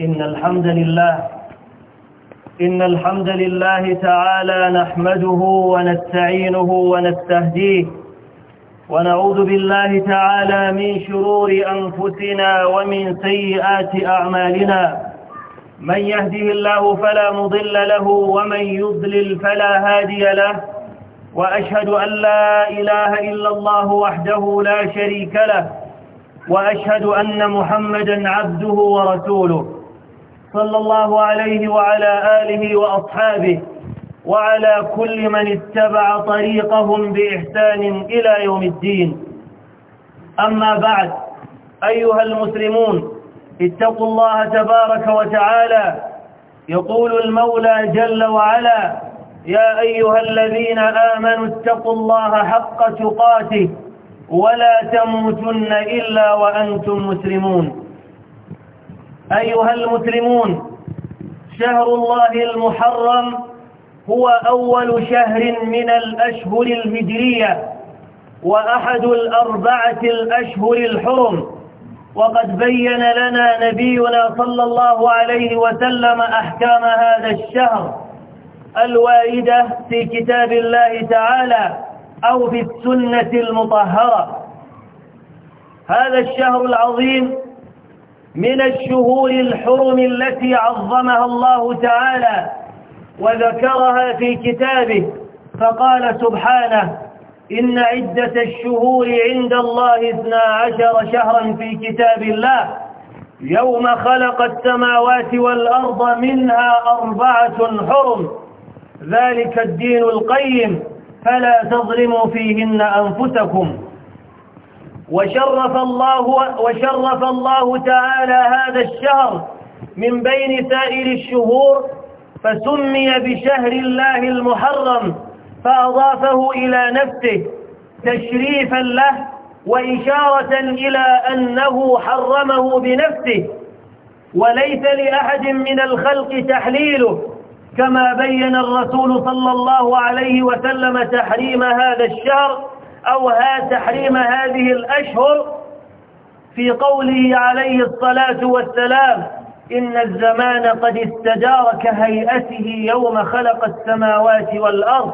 إن الحمد لله إن الحمد لله تعالى نحمده ونستعينه ونستهديه ونعوذ بالله تعالى من شرور أنفسنا ومن سيئات أعمالنا من يهده الله فلا مضل له ومن يضلل فلا هادي له وأشهد أن لا إله إلا الله وحده لا شريك له وأشهد أن محمدا عبده ورسوله صلى الله عليه وعلى آله وأصحابه وعلى كل من اتبع طريقهم بإحسان إلى يوم الدين أما بعد أيها المسلمون اتقوا الله تبارك وتعالى يقول المولى جل وعلا يا أيها الذين آمنوا اتقوا الله حق تقاته ولا تموتن إلا وأنتم مسلمون أيها المسلمون شهر الله المحرم هو أول شهر من الأشهر الهجرية وأحد الأربعة الأشهر الحرم وقد بين لنا نبينا صلى الله عليه وسلم أحكام هذا الشهر الواردة في كتاب الله تعالى أو في السنة المطهرة هذا الشهر العظيم من الشهور الحرم التي عظمها الله تعالى وذكرها في كتابه فقال سبحانه إن عدة الشهور عند الله اثنا عشر شهرا في كتاب الله يوم خلق السماوات والأرض منها أربعة حرم ذلك الدين القيم فلا تظلموا فيهن أنفسكم وشرف الله وشرف الله تعالى هذا الشهر من بين سائر الشهور فسمي بشهر الله المحرم فأضافه إلى نفسه تشريفا له وإشارة إلى أنه حرمه بنفسه وليس لأحد من الخلق تحليله كما بين الرسول صلى الله عليه وسلم تحريم هذا الشهر أوهى تحريم هذه الأشهر في قوله عليه الصلاة والسلام إن الزمان قد استدار كهيئته يوم خلق السماوات والأرض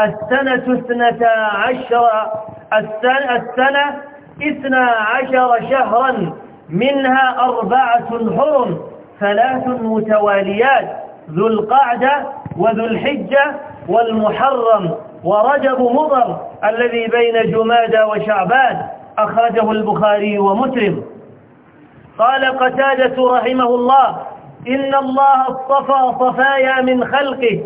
السنة اثنتا عشر السنة, السنة اثنى عشر شهرا منها أربعة حرم ثلاث متواليات ذو القعدة وذو الحجة والمحرم ورجب مضر الذي بين جمادى وشعبان أخرجه البخاري ومسلم قال قتادة رحمه الله إن الله اصطفى صفايا من خلقه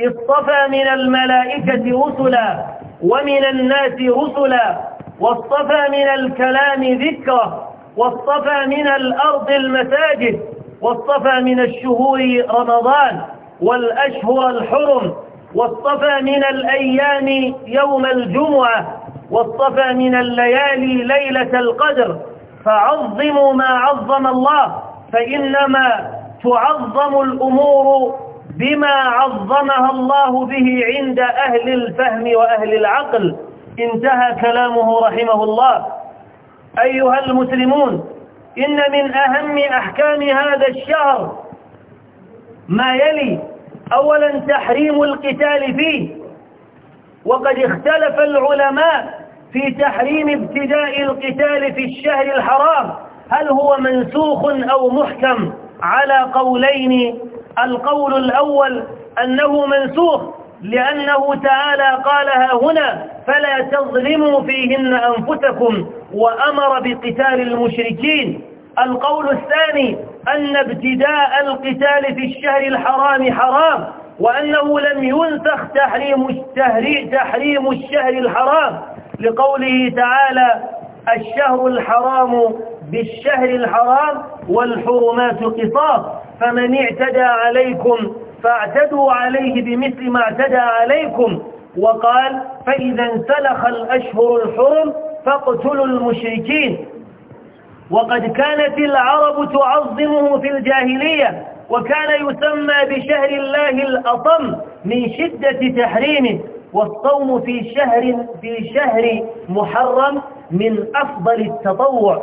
اصطفى من الملائكة رسلا ومن الناس رسلا واصطفى من الكلام ذكره واصطفى من الأرض المساجد واصطفى من الشهور رمضان والأشهر الحرم واصطفى من الأيام يوم الجمعة واصطفى من الليالي ليلة القدر فعظموا ما عظم الله فإنما تعظم الأمور بما عظمها الله به عند أهل الفهم وأهل العقل انتهى كلامه رحمه الله أيها المسلمون إن من أهم أحكام هذا الشهر ما يلي أولا تحريم القتال فيه وقد اختلف العلماء في تحريم ابتداء القتال في الشهر الحرام هل هو منسوخ أو محكم على قولين القول الأول أنه منسوخ لأنه تعالى قالها هنا فلا تظلموا فيهن أنفسكم وأمر بقتال المشركين القول الثاني أن ابتداء القتال في الشهر الحرام حرام وأنه لم ينسخ تحريم تحريم الشهر الحرام لقوله تعالى الشهر الحرام بالشهر الحرام والحرمات قصاص فمن اعتدى عليكم فاعتدوا عليه بمثل ما اعتدى عليكم وقال فإذا انسلخ الأشهر الحرم فاقتلوا المشركين وقد كانت العرب تعظمه في الجاهلية وكان يسمى بشهر الله الأطم من شدة تحريمه والصوم في شهر في شهر محرم من أفضل التطوع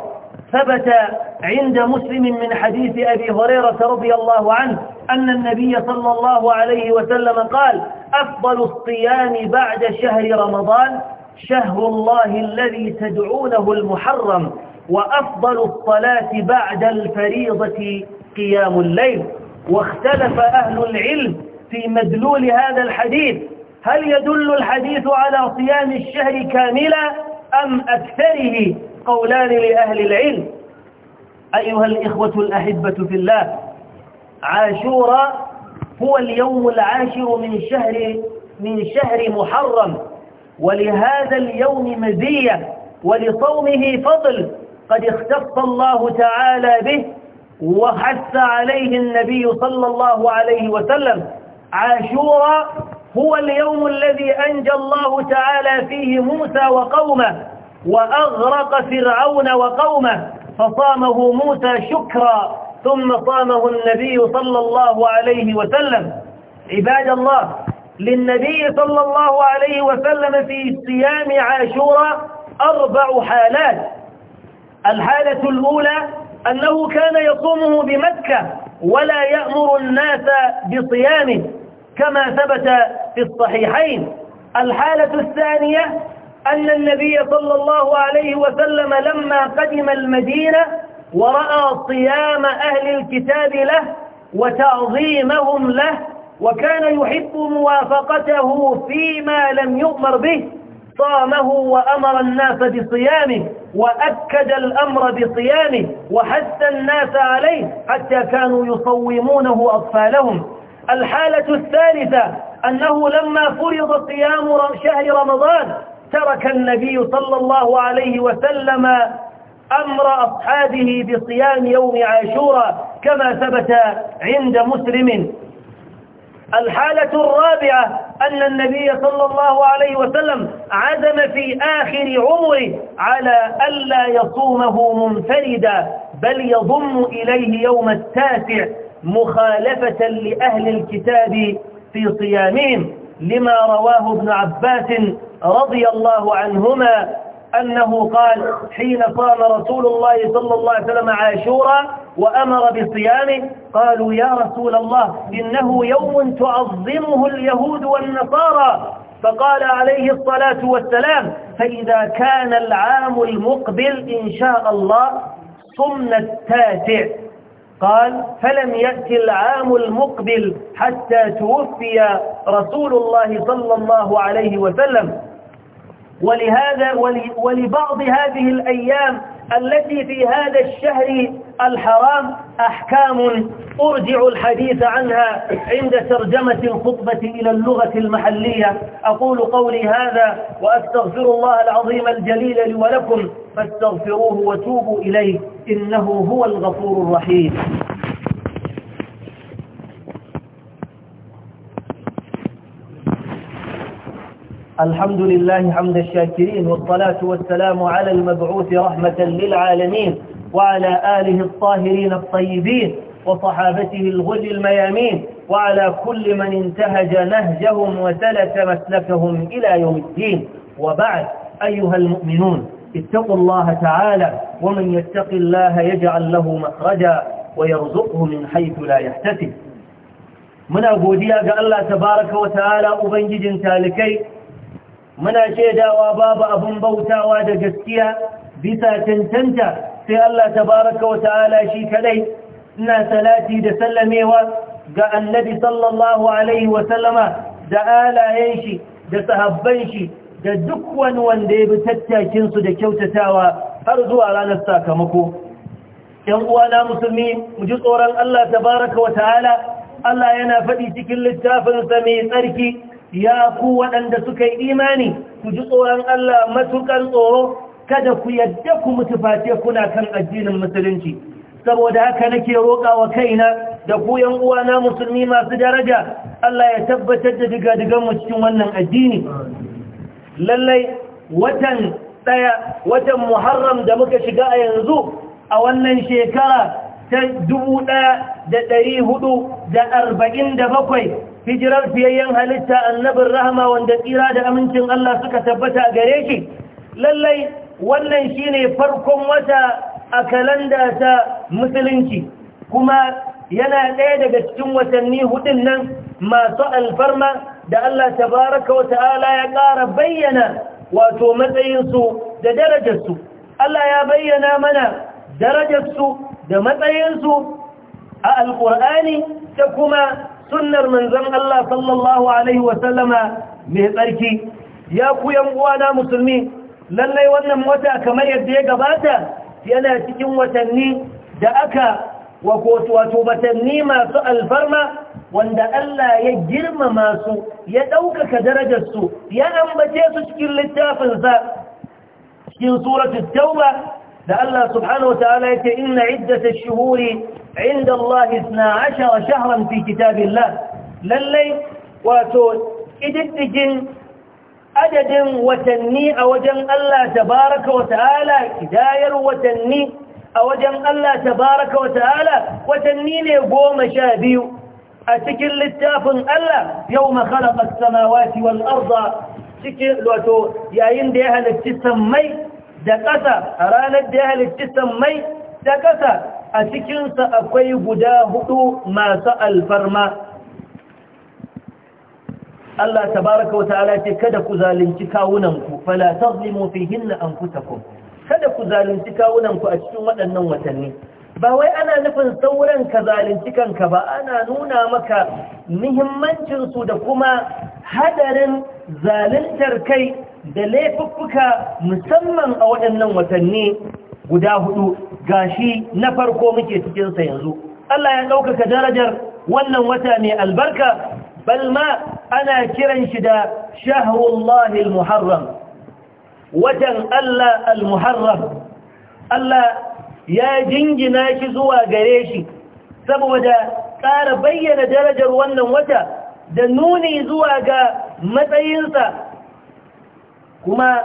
ثبت عند مسلم من حديث أبي هريرة رضي الله عنه أن النبي صلى الله عليه وسلم قال أفضل الصيام بعد شهر رمضان شهر الله الذي تدعونه المحرم وأفضل الصلاة بعد الفريضة قيام الليل واختلف أهل العلم في مدلول هذا الحديث هل يدل الحديث على صيام الشهر كاملا أم أكثره قولان لأهل العلم أيها الإخوة الأحبة في الله عاشورا هو اليوم العاشر من شهر من شهر محرم ولهذا اليوم مزية ولصومه فضل قد اختص الله تعالى به وحث عليه النبي صلى الله عليه وسلم عاشورا هو اليوم الذي أنجى الله تعالى فيه موسى وقومه وأغرق فرعون وقومه فصامه موسى شكرا ثم صامه النبي صلى الله عليه وسلم عباد الله للنبي صلى الله عليه وسلم في صيام عاشورا أربع حالات الحالة الأولى أنه كان يصومه بمكة ولا يأمر الناس بصيامه كما ثبت في الصحيحين الحالة الثانية أن النبي صلى الله عليه وسلم لما قدم المدينة ورأى صيام أهل الكتاب له وتعظيمهم له وكان يحب موافقته فيما لم يؤمر به صامه وأمر الناس بصيامه وأكد الأمر بصيامه وحث الناس عليه حتى كانوا يصومونه أطفالهم الحالة الثالثة أنه لما فرض صيام شهر رمضان ترك النبي صلى الله عليه وسلم أمر أصحابه بصيام يوم عاشوراء كما ثبت عند مسلم الحالة الرابعة أن النبي صلى الله عليه وسلم عزم في آخر عمره على ألا يصومه منفردا بل يضم إليه يوم التاسع مخالفة لأهل الكتاب في صيامهم لما رواه ابن عباس رضي الله عنهما أنه قال حين صام رسول الله صلى الله عليه وسلم عاشورا وأمر بصيامه قالوا يا رسول الله إنه يوم تعظمه اليهود والنصارى فقال عليه الصلاة والسلام فإذا كان العام المقبل إن شاء الله صمنا التاسع قال فلم يأتي العام المقبل حتى توفي رسول الله صلى الله عليه وسلم ولهذا ولبعض هذه الأيام التي في هذا الشهر الحرام أحكام أرجع الحديث عنها عند ترجمة الخطبة إلى اللغة المحلية أقول قولي هذا وأستغفر الله العظيم الجليل لي ولكم فاستغفروه وتوبوا إليه إنه هو الغفور الرحيم الحمد لله حمد الشاكرين والصلاة والسلام على المبعوث رحمة للعالمين وعلى آله الطاهرين الطيبين وصحابته الغج الميامين وعلى كل من انتهج نهجهم وسلك مسلكهم إلى يوم الدين وبعد أيها المؤمنون اتقوا الله تعالى ومن يتق الله يجعل له مخرجا ويرزقه من حيث لا يحتسب من أبو ديك الله تبارك وتعالى أبنجد تالكي muna shaidawa babu abun bautawa da gaskiya bisa cancanta sai Allah tabaraka wa ta'ala shi kadai ina salati da sallamewa ga annabi sallallahu alaihi wa sallama da alayen shi da sahabban shi da duk wani wanda ya bi tattakin su da kyautatawa har zuwa ranar sakamako yan uwana musulmi mu ji tsoron Allah tabaraka wa ta'ala Allah yana faɗi cikin littafin sa mai tsarki ya ku waɗanda suka yi imani ku ji tsoron Allah matuƙar tsoro kada ku yadda ku mutu face kuna kan addinin musulunci saboda haka nake roƙa wa kaina da ku yan uwana musulmi masu daraja Allah ya tabbatar da digadigan mu cikin wannan addini lallai watan daya watan Muharram da muka shiga a yanzu a wannan shekara ta 1447 hijirar fiyayyen halitta annabin rahama wanda tsira da amincin Allah suka tabbata gare shi lallai wannan shine farkon wata a kalanda ta musulunci kuma yana ɗaya daga cikin watanni hudun nan masu alfarma da Allah tabaraka wa ta'ala ya ƙara bayyana wato matsayinsu da darajarsu Allah ya bayyana mana darajarsu da matsayinsu a alƙur'ani da kuma sunnar manzon Allah sallallahu alaihi wa sallama mai tsarki ya ku yan uwana musulmi lallai wannan wata kamar yadda ya gabata yana cikin watanni da aka wato watanni masu alfarma wanda Allah ya girmama su ya ɗaukaka darajarsu ya ambace su cikin littafinsa cikin suratul tauba da Allah subhanahu wa ta'ala yake inna iddatash shuhuri inda isna ashara shahran fi lallai wato ididdigin adadin watanni a wajen Allah tabaaraka wa ta'ala hidayar watanni a wajen Allah tabaaraka wa ta'ala watanni ne goma sha biyu a cikin littafin Allah yau khalaqa as-samawati wal arda cikin wato yayin da ya halicci sammai da ƙasa a ranar da ya halicci sammai da ƙasa a cikinsa akwai guda hudu masu alfarma Allah tabaraka wa ta'ala ce kada ku zalunci kawunanku fala tazlimu fihinna anfusakum kada ku zalunci kawunanku a cikin waɗannan watanni ba wai ana nufin sauran ka zalunci kanka ba ana nuna maka muhimmancin su da kuma hadarin zaluntar kai da laifuffuka musamman a waɗannan watanni guda hudu shi na farko muke cikinsa yanzu Allah ya ɗaukaka darajar wannan wata mai albarka Balma ana kiran shi da shahrullahi muharram watan Allah al-muharram Allah ya jingina shi zuwa gare shi saboda ƙara bayyana darajar wannan wata da nuni zuwa ga matsayinsa kuma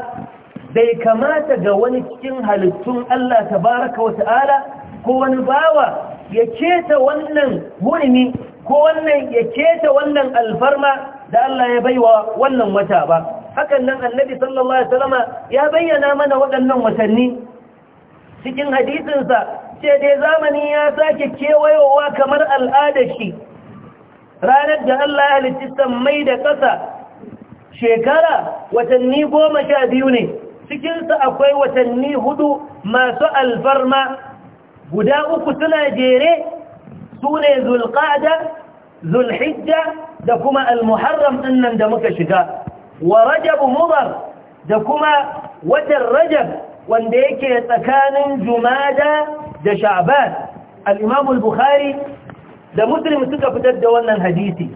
bai kamata ga wani cikin halittun Allah tabaraka wa ta'ala ko wani bawa ya keta wannan hurmi ko wannan ya keta wannan alfarma da Allah ya baiwa wannan wata ba hakan nan annabi sallallahu alaihi wasallama ya bayyana mana waɗannan watanni cikin hadisinsa ce dai zamani ya sake kewayowa kamar shi. ranar da Allah ya halitta mai da ƙasa shekara watanni goma sha biyu ne cikinsa akwai watanni hudu masu alfarma guda uku suna jere su ne zulƙada zulhijja da kuma almuharram ɗinnan da muka shiga wa rajab mubar da kuma watan rajab wanda yake tsakanin jumada da sha'ban al-imam da muslim suka fitar da wannan hadisi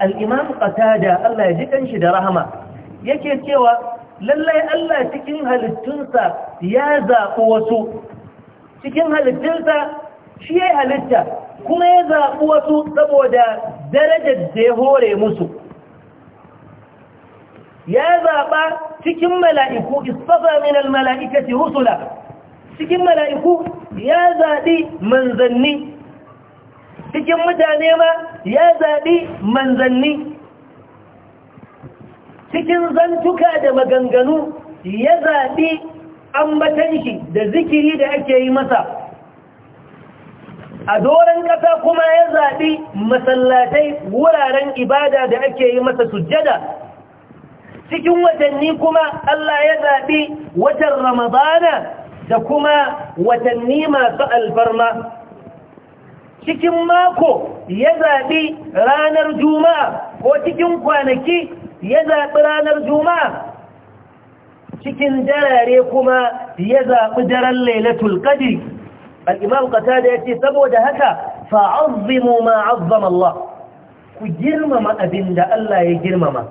al-imam da Allah ya ji kanshi da rahama yake cewa lallai Allah cikin halittunsa ya zaɓi wasu cikin halittunsa shi ya halitta kuma ya zaɓi wasu saboda darajar da ya hore musu ya zaɓa cikin mala'iku istafa min al-mala'ikati husula, cikin mala'iku ya zaɓi manzanni cikin mutane ma ya zaɓi manzanni cikin zantuka da maganganu ya zaɓi ambatan shi da zikiri da ake yi masa a doron ƙasa kuma ya zaɓi masallatai wuraren ibada da ake yi masa sujjada cikin watanni kuma Allah ya zaɓi watan Ramadana da kuma watanni masu alfarma cikin mako ya zaɓi ranar juma'a ko cikin kwanaki ya zaɓi ranar juma'a cikin darare kuma ya zaɓi daren lailatul qadri al-imam qatada yace saboda haka fa'azzimu ma 'azzama Allah ku girmama da Allah ya girmama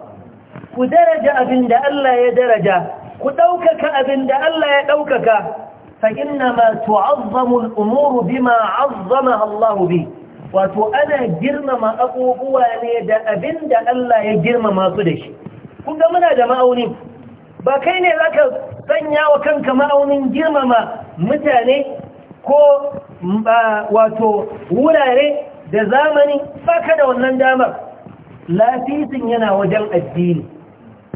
ku daraja da Allah ya daraja ku abin abinda Allah ya ɗaukaka fa inna ma tu'azzamu al-umuru Allah bi wato ana girmama abubuwa ne da abin da Allah ya girmama su da shi kuka muna da ma'auni ba kai ne za ka sanya wa kanka ma'aunin girmama mutane ko wato wurare da zamani baka da wannan damar lafisin yana wajen addini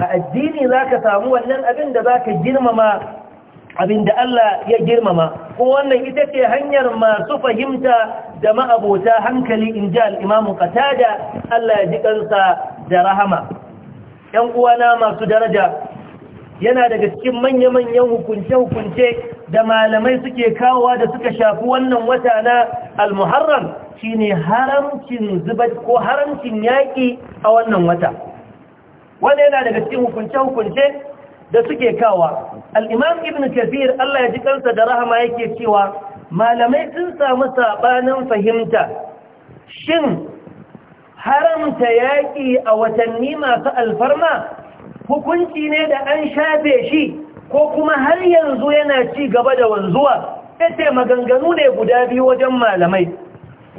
a addini za ka samu wannan abin da za ka girmama Abin da Allah ya girmama ko wannan ita ce hanyar masu fahimta da ma'abota hankali in ji al'imamu katada Allah ya ji kansa da rahama ‘yan uwana masu daraja yana daga cikin manya-manyan hukunce-hukunce da malamai suke kawowa da suka shafi wannan wata na al-muharram shine haramcin zubar ko haramcin yaƙi a wannan wata wanda yana daga cikin hukunce-hukunce da suke kawowa al'imam ibn kafir Allah ya ji kansa da rahama yake cewa malamai sun samu saɓanin fahimta shin haramta yaƙi a watanni masu alfarma hukunci ne da an shafe shi ko kuma har yanzu yana ci gaba da wanzuwa ce maganganu ne guda biyu wajen malamai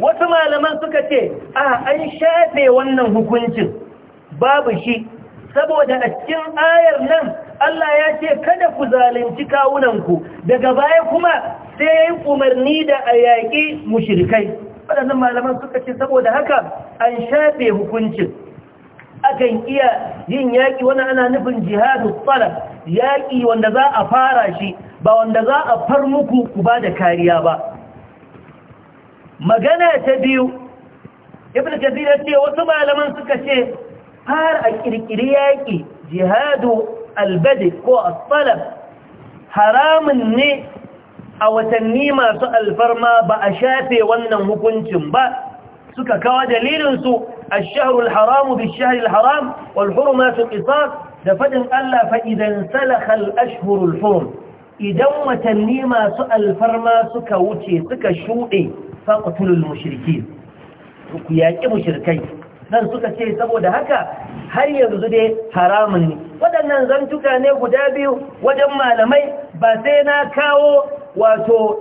wasu malaman suka ce a an shafe wannan hukuncin babu shi saboda a cikin ayar nan Allah ya ce kada ku zalunci kawunanku daga baya kuma sai ya yi umarni da a yaƙi mushirikai waɗannan malaman suka ce saboda haka an shafe hukuncin akan iya yin yaƙi wani ana nufin jihadu tsara yaƙi wanda za a fara shi ba wanda za a far muku ku ba da kariya ba magana ta biyu ibn kabir ce wasu malaman suka ce har a ƙirƙiri yaƙi jihadu albade ko asalab haramun ne a watanni masu alfarma ba a shafe wannan hukuncin ba suka kawo dalilinsu a shaharul haramu bi shaharul haram wal hurumatun isas da faɗin Allah fa'idan salakal ashhurul hurum idan watanni masu alfarma suka wuce suka shuɗe faƙutulul mushirki ku yaƙi mushirkai nan suka ce saboda haka har yanzu dai haramun ne waɗannan zantuka ne guda biyu wajen malamai ba sai na kawo wato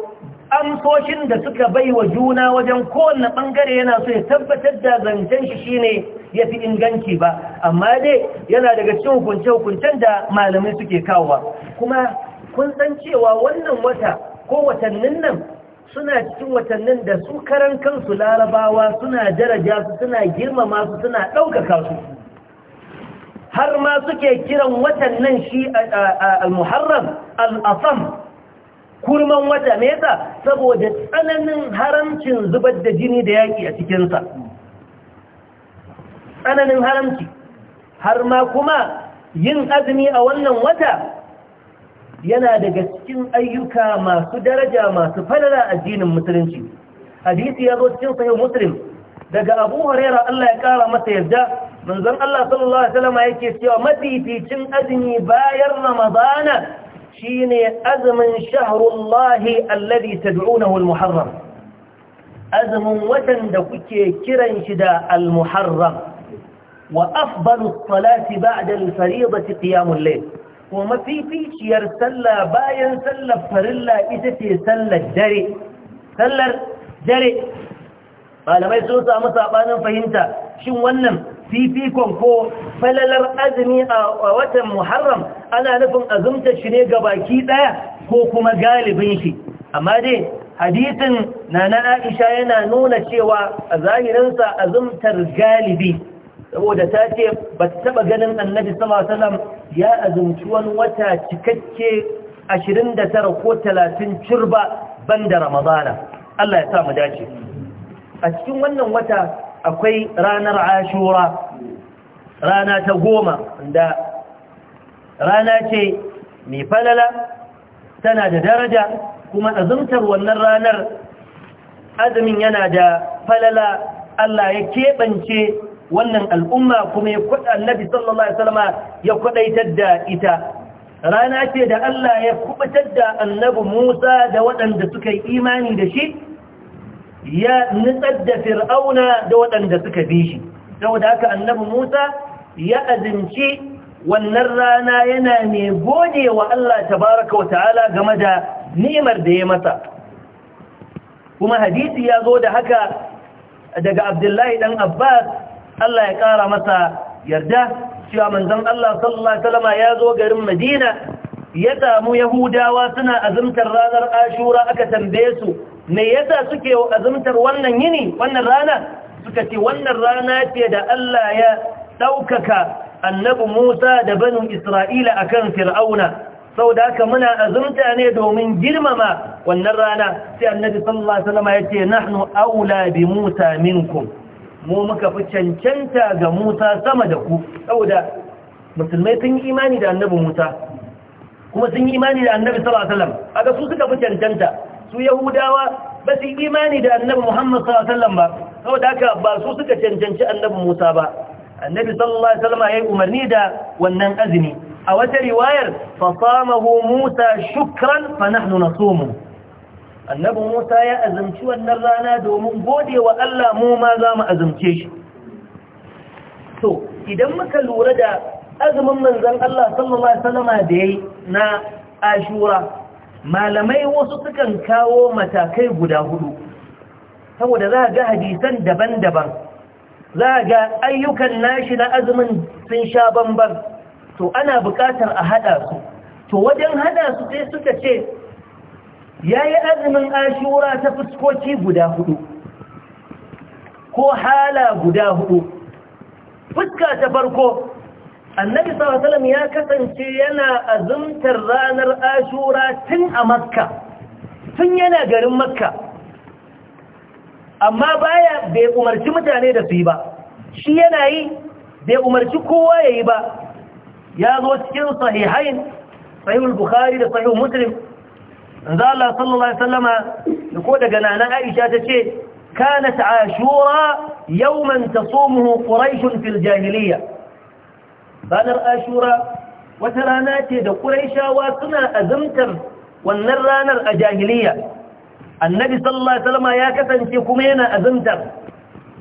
amsoshin da suka bai wa juna wajen kowane ɓangare yana so ya tabbatar da zancen shi shine ya fi inganci ba amma dai yana daga cikin hukunce-hukuncen da malamai suke kawowa kuma kun san cewa wannan wata ko watannin nan suna cikin watannin da su karan kansu larabawa suna daraja su suna girmama su suna ɗaukaka su har ma suke kiran watannin shi al-muharram al-asam kurman wata yasa, saboda tsananin haramcin zubar da jini da yaki a cikinsa tsananin haramci har ma kuma yin azumi a wannan wata yana daga cikin ayyuka masu daraja masu falala addinin musulunci hadisi ya zo cikin sahih muslim daga abu huraira Allah ya kara masa yarda manzon Allah sallallahu alaihi wasallam yake cewa mafificin azumi bayan ramadana shine azumin shahrullahi alladhi tad'unahu almuharram azumin watan da kuke kiran shi da almuharram wa afdalu salati ba'da alfariidati qiyamul layl ko mafificiyar sallah bayan sallar farilla ita ce sallar dare sallar dare malamai sun samu sabanin fahimta shin wannan fifikon ko falalar azumi a watan muharram ana nufin azumta shi ne ga baki daya ko kuma galibin shi amma dai hadisin na na aisha yana nuna cewa a zahirinsa azumtar galibi saboda ta ce ba ta taba ganin annabi sallallahu ya azumci wani wata cikakke 29 ko 30 cirba da ramadana Allah ya sa mu dace a cikin wannan wata akwai ranar ashura rana ta goma da rana ce mai falala tana da daraja kuma azumtar wannan ranar azumin yana da falala Allah ya keɓance wannan al'umma kuma ya kwada annabi sallallahu alaihi wasallam ya kwadaitar da ita rana ce da Allah ya kubutar da annabi Musa da waɗanda suka yi imani da shi ya nutsar da fir'auna da waɗanda suka bi shi saboda haka annabi Musa ya azinci wannan rana yana mai gode wa Allah tabaraka wa ta'ala game da ni'imar da ya masa kuma hadisi ya zo da haka daga Abdullahi dan Abbas Allah ya ƙara masa yarda cewa manzon Allah sallallahu alaihi ya zo garin Madina ya samu Yahudawa suna azumtar ranar Ashura aka tambaye su me yasa suke azumtar wannan yini wannan rana suka ce wannan rana ce da Allah ya daukaka annabi Musa da banu Isra'ila akan Fir'auna sau da haka muna azumta ne domin girmama wannan rana sai annabi sallallahu alaihi wasallam ya ce nahnu aula bi Musa minkum mu muka fi cancanta ga Musa sama da ku saboda musulmai sun yi imani da annabi Musa kuma sun yi imani da annabi sallallahu alaihi wasallam aga su suka fi cancanta su yahudawa ba su yi imani da annabi Muhammad sallallahu alaihi wasallam ba saboda haka ba su suka cancanci annabi Musa ba annabi sallallahu alaihi wasallam yayi umarni da wannan azumi a wata riwayar fa samahu Musa shukran fa nahnu nasumu annabi Musa ya azumci wannan rana domin godewa Allah mu ma za mu azumce shi to idan muka lura da azumin manzon Allah sallallahu alaihi wasallama da yayi na Ashura malamai wasu sukan kawo matakai guda hudu saboda za ga hadisan daban-daban za ga ayyukan nashi na azumin sun sha bambam, to ana buƙatar a hada su to wajen hada su sai suka ce ya yi azumin ashura ta fuskoki guda hudu ko hala guda hudu fuska ta farko annabi sallallahu ya kasance yana azumtar ranar ashura tun a makka tun yana garin makka amma baya bai umarci mutane da su yi ba shi yana yi bai umarci kowa ya yi ba ya zo cikin sahihain sahihul bukhari da sahihul muslim manzo Allah sallallahu alaihi wasallama ko daga nanan Aisha tace kanat ashura yawman tasumuhu quraish fil jahiliya banar ashura wata rana ce da quraishawa suna azumtar wannan ranar a jahiliya annabi sallallahu alaihi wasallama ya kasance kuma yana azumtar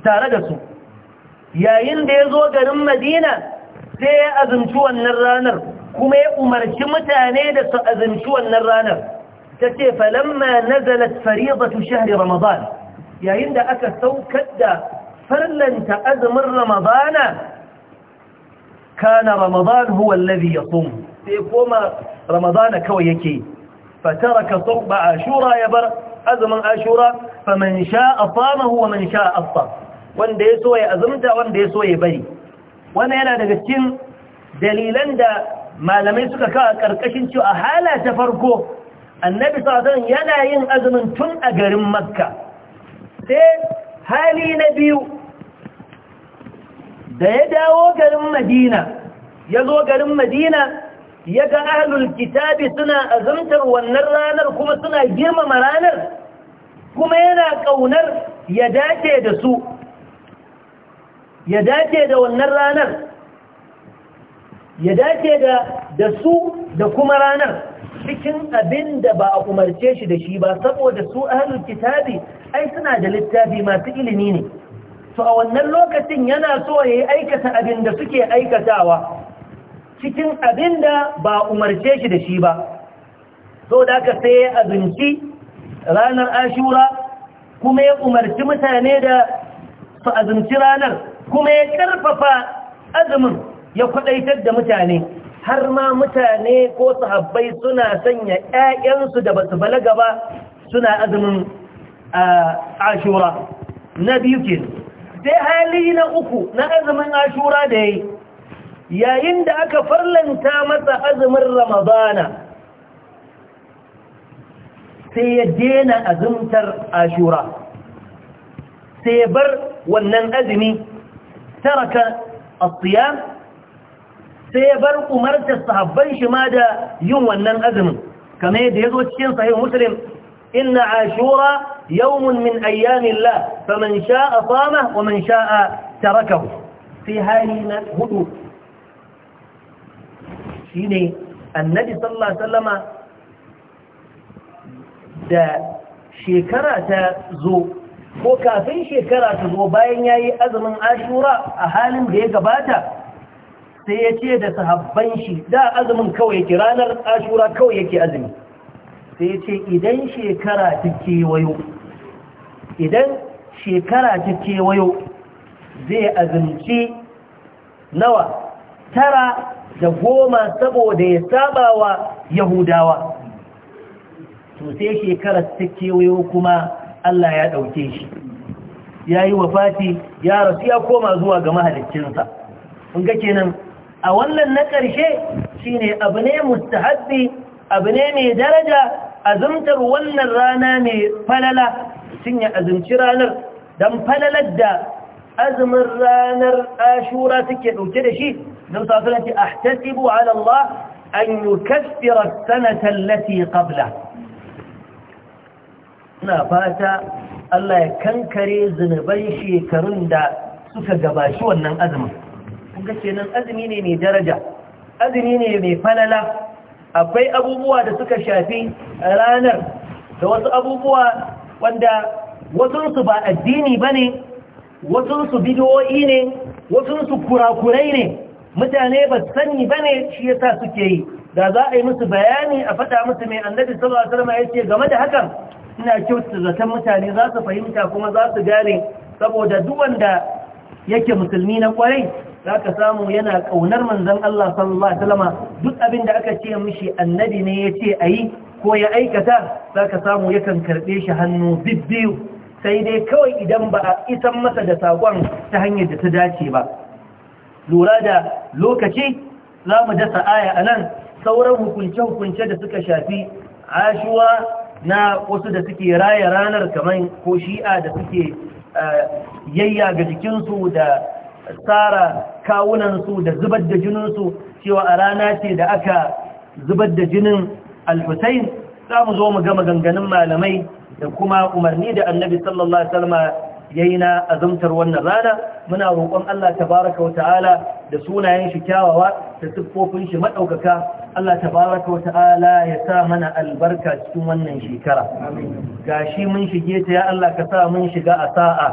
tare da su yayin da ya zo garin madina sai ya azumci wannan ranar kuma ya umarci mutane da su azumci wannan ranar ta ce falamma nazalat faridatu shahri ramadan yayin da aka saukar da farlanta azumin ramadana kana ramadan huwa alladhi yasum sai kuma ramadana kawai yake fataraka sawba ashura ya bar azumin ashura faman sha'a samahu wa man sha'a afṭar wanda yaso ya azumta wanda yaso ya bari wannan yana daga cikin dalilan da malamai suka kawo karkashin cewa hala ta farko annabi sallallahu yana yin azumin tun a garin makka sai hali na biyu da ya dawo garin madina ya zo garin madina ya ga ahlul kitabi suna azumtar wannan ranar kuma suna girmama ranar kuma yana kaunar ya dace da su ya dace da wannan ranar ya dace da da su da kuma ranar cikin abin da ba a umarce shi da shi ba saboda su ahlul kitabi ai suna da littafi masu ilimi ne to a wannan lokacin yana so ya yi aikata abin da suke aikatawa cikin abin da ba a umarce shi da shi ba so da aka sai ya azunci ranar ashura kuma ya umarci mutane da su azunci ranar kuma ya karfafa azumin ya kwadaitar da mutane har ma mutane ko sahabbai suna sanya ƴaƴansu da basu balaga ba suna azumin ashura na biyu ke sai hali na uku na azumin ashura da yayi yayin da aka farlanta masa azumin ramadana sai ya dena azumtar ashura sai ya bar wannan azumi taraka الصيام sai ya bar umartar sahabban shi ma da yin wannan azumin kamar yadda ya zo cikin sahih muslim inna ashura yawmun min ayyamillah faman sha'a sama wa man sha'a tarakahu fi hali na hudu shine annabi sallallahu alaihi wasallama da shekara ta zo ko kafin shekara ta zo bayan yayi azumin ashura a halin da ya gabata sai ya ce da sahabban shi da azumin kawai yake ranar ashura kawai yake azumi sai ya ce idan shekara ta kewayo idan shekara ta kewayo zai azumci nawa tara da goma saboda ya saba wa yahudawa to sai shekara ta kewayo kuma Allah ya ɗauke shi ya yi Fati ya rasu ya koma zuwa ga mahalicinsa ga kenan a wannan na ƙarshe ne abu ne mustahabbi abu ne mai daraja azumtar wannan rana mai falala sun yi azumci ranar don falalar da azumin ranar ashura suke ɗauke da shi don safinati a tasibu ala Allah an yi kafirar sanatar lati ƙabla na fata Allah ya kankare zunuban shekarun da suka gabashi wannan azumin kuka kenan azumi ne mai daraja azumi ne mai falala akwai abubuwa da suka shafi ranar da wasu abubuwa wanda wasunsu ba addini ba ne wasunsu bidiyoyi ne wasunsu kurakurai ne mutane ba sani ba ne shi yasa suke yi da za a yi musu bayani a faɗa musu mai annabi sallallahu alaihi wasallam game da hakan ina kyautata zaton mutane za su fahimta kuma za su gane saboda duk wanda yake musulmi na kwarai za ka samu yana ƙaunar manzan Allah sallallahu Alaihi duk abin da aka ce mishi annabi ne ya ce a yi ko ya aikata za ka samu yakan karɓe shi hannu bibbiyu sai dai kawai idan ba a isan masa da saƙon ta hanyar da ta dace ba lura da lokaci za mu dasa aya a nan sauran hukunce-hukunce da suka shafi ashuwa na wasu da suke raya ranar kamar ko shi'a da suke eh, yayya ga jikinsu da tsara kawunansu da zubar da jininsu cewa a rana ce da aka zubar da jinin al za mu zo mu ga maganganun malamai da kuma umarni da annabi sallallahu alaihi wasallam yayi na azumtar wannan rana muna roƙon Allah tabaraka wa ta'ala da sunayen shi kyawawa da siffofin shi madaukaka Allah tabaraka wa ta'ala ya sa mana albarka cikin wannan shekara gashi mun shige ta ya Allah ka sa mun shiga a sa'a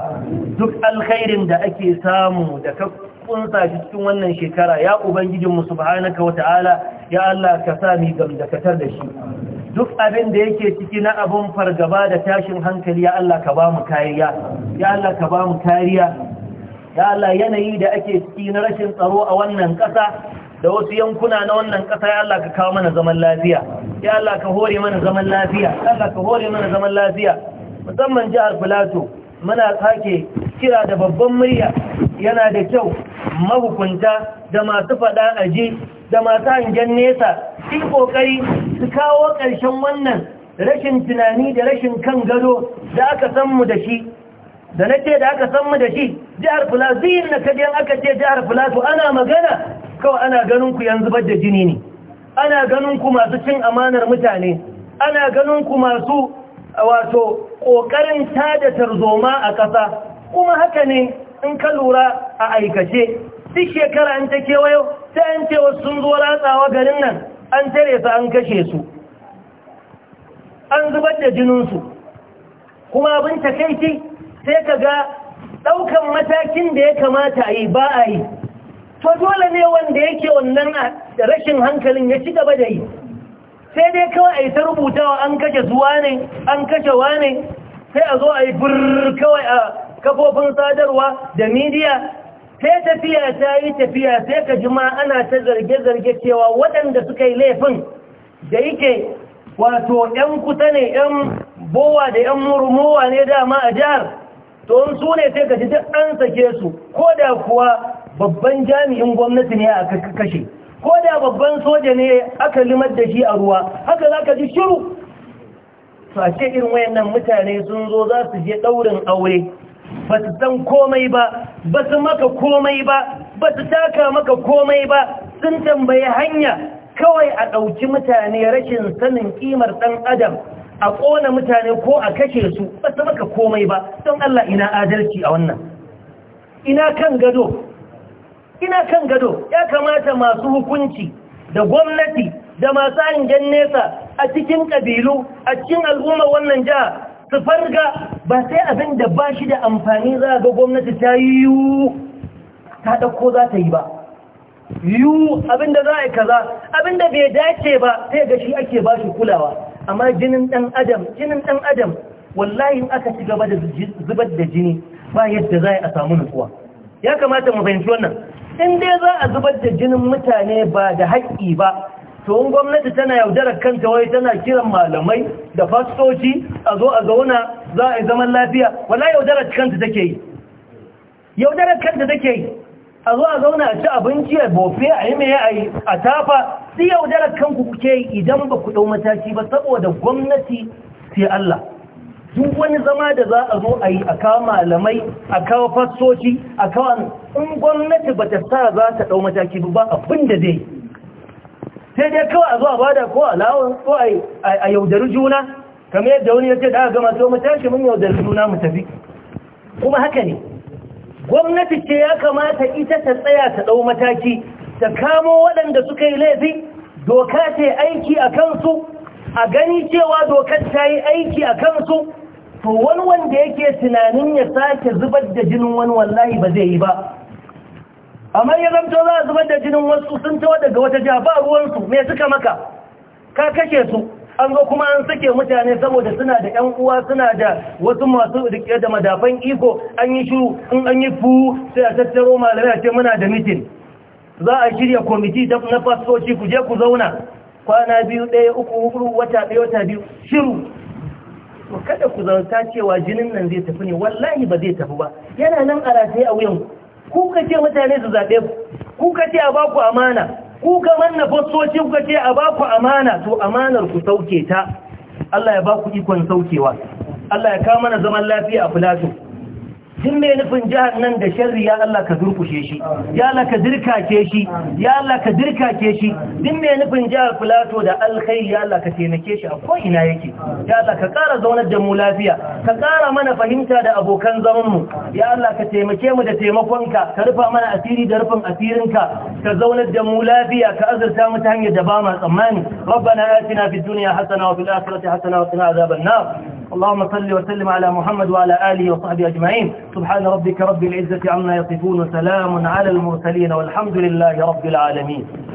duk alkhairin da ake samu da ka kunsa shi cikin wannan shekara ya ubangijinmu subhanaka wa ta'ala ya Allah ka sa mu gamdakatar da shi duk abin da yake ciki na abun fargaba da tashin hankali ya Allah ka ba mu kariya ya Allah ka ba mu kariya ya Allah yanayi da ake ciki na rashin tsaro a wannan ƙasa da wasu yankuna na wannan ƙasa ya Allah ka kawo mana zaman lafiya ya Allah ka hore mana zaman lafiya ya Allah ka hore mana zaman lafiya musamman jihar Filato muna sake kira da babban murya yana da kyau mahukunta da masu faɗa aji da masu hangen nesa su kokari su kawo ƙarshen wannan rashin tunani da rashin kan gado da aka san mu da shi da na ce da aka san mu da shi jihar filato zai na kajen aka ce jihar filato ana magana kawai ana ganin ku yanzu da jini ne ana ganin ku masu cin amanar mutane ana ganin ku masu wato ƙoƙarin tada tarzoma a ƙasa kuma haka ne in ka lura a aikace duk shekara an ta kewayo ta an cewa sun zo ratsawa garin nan an tare su an kashe su an zubar da jininsu kuma abin takaici sai ka ga ɗaukan matakin da ya kamata a yi ba a yi to dole ne wanda yake wannan rashin hankalin ya ci gaba da yi sai dai kawai a yi ta rubutawa an kashe zuwa ne an kashe wa ne sai a zo a yi burr kawai a kafofin sadarwa da midiya sai tafiya ta yi tafiya sai ka ji ma ana ta zarge-zarge cewa waɗanda suka yi laifin da yake wato 'yan kusa ne 'yan bowa da 'yan murmowa ne dama a jihar to su ne sai ka ji duk an sake su ko da kuwa babban jami'in gwamnati ne aka kashe ko da babban soja ne aka limar da shi a ruwa haka za ka ji shiru su a irin wayannan mutane sun zo za su je ɗaurin aure ba su san komai ba ba su maka komai ba ba su taka maka komai ba sun tambayi hanya kawai a ɗauki mutane rashin sanin ƙimar ɗan adam a ƙona mutane ko a kashe su ba su maka komai ba don Allah ina adalci a wannan ina kan gado ina kan gado ya kamata masu hukunci da gwamnati da masu hangen nesa a cikin ƙabilu a cikin al'umma wannan jiha su farga ba sai abin da ba shi da amfani za ga gwamnati ta yi ta ɗauko za ta yi ba yiwu abinda za a yi kaza abinda bai dace ba sai ga shi ake ba shi kulawa amma jinin ɗan adam jinin ɗan adam wallahi in aka ci gaba da zubar da jini ba yadda za a samu nutsuwa ya kamata mu fahimci wannan in dai za a zubar da jinin mutane ba da haƙƙi ba to in gwamnati tana yaudarar kanta wai tana kiran malamai da fastoci a zo a zauna za a yi zaman lafiya wala yaudarar kanta take yi yaudarar kanta take yi a zo a zauna a ci abinci a bofe a yi mai a tafa sai yaudarar kanku kuke yi idan ba ku ɗau mataki ba saboda gwamnati sai Allah duk wani zama da za a zo a yi a kawo malamai a kawo fassoci a kawo in gwamnati ba ta sa za ta ɗau mataki ba abin da zai sai dai kawai a zo a bada ko alawar ko a yaudari juna kamar yadda wani ya ce da aka gama so mu mun yaudari juna mu tafi kuma haka ne gwamnati ce ya kamata ita ta tsaya ta ɗau mataki ta kamo waɗanda suka yi laifi doka ce aiki a kansu a gani cewa dokar ta yi aiki a kansu to wani wanda yake tunanin ya sake zubar da jinin wani wallahi ba zai yi ba amma ya zamto za a zubar da jinin wasu sun tawa daga wata jiha ba ruwansu me suka maka ka kashe su an zo kuma an sake mutane saboda suna da yan uwa suna da wasu masu rike da madafan iko an yi shiru in an yi fu sai a tattaro malamai a ce muna da mitin za a shirya kwamiti na fasoci ku je ku zauna kwana biyu ɗaya uku wata ɗaya wata biyu shiru to kada ku zauta cewa jinin nan zai tafi ne wallahi ba zai tafi ba yana nan a rataye a wuyan ku ka ce mutane su zaɓe ku ku ka ce a ba ku amana ku ka manna fassoci ku ka ce a ba ku amana to amanar ku sauke ta Allah ya ba ku ikon saukewa Allah ya kama na zaman lafiya a filato jin mai nufin jihar nan da sharri ya Allah ka durkushe shi ya Allah ka dirkake shi ya Allah ka dirkake shi jin mai nufin jihar filato da alkhairi ya Allah ka taimake shi a ko'ina yake ya Allah ka ƙara zaunar da mu lafiya ka ƙara mana fahimta da abokan zamanmu ya Allah ka taimake mu da taimakonka ka rufa mana asiri da rufin asirinka ka zaunar da mu lafiya ka azurta mu ta hanyar da ba ma tsammani rabbana atina fid dunya hasana wa fil akhirati hasana wa qina adhaban nar اللهم صل وسلم على محمد وعلى آله وصحبه أجمعين سبحان ربك رب العزة عما يصفون وسلام على المرسلين والحمد لله رب العالمين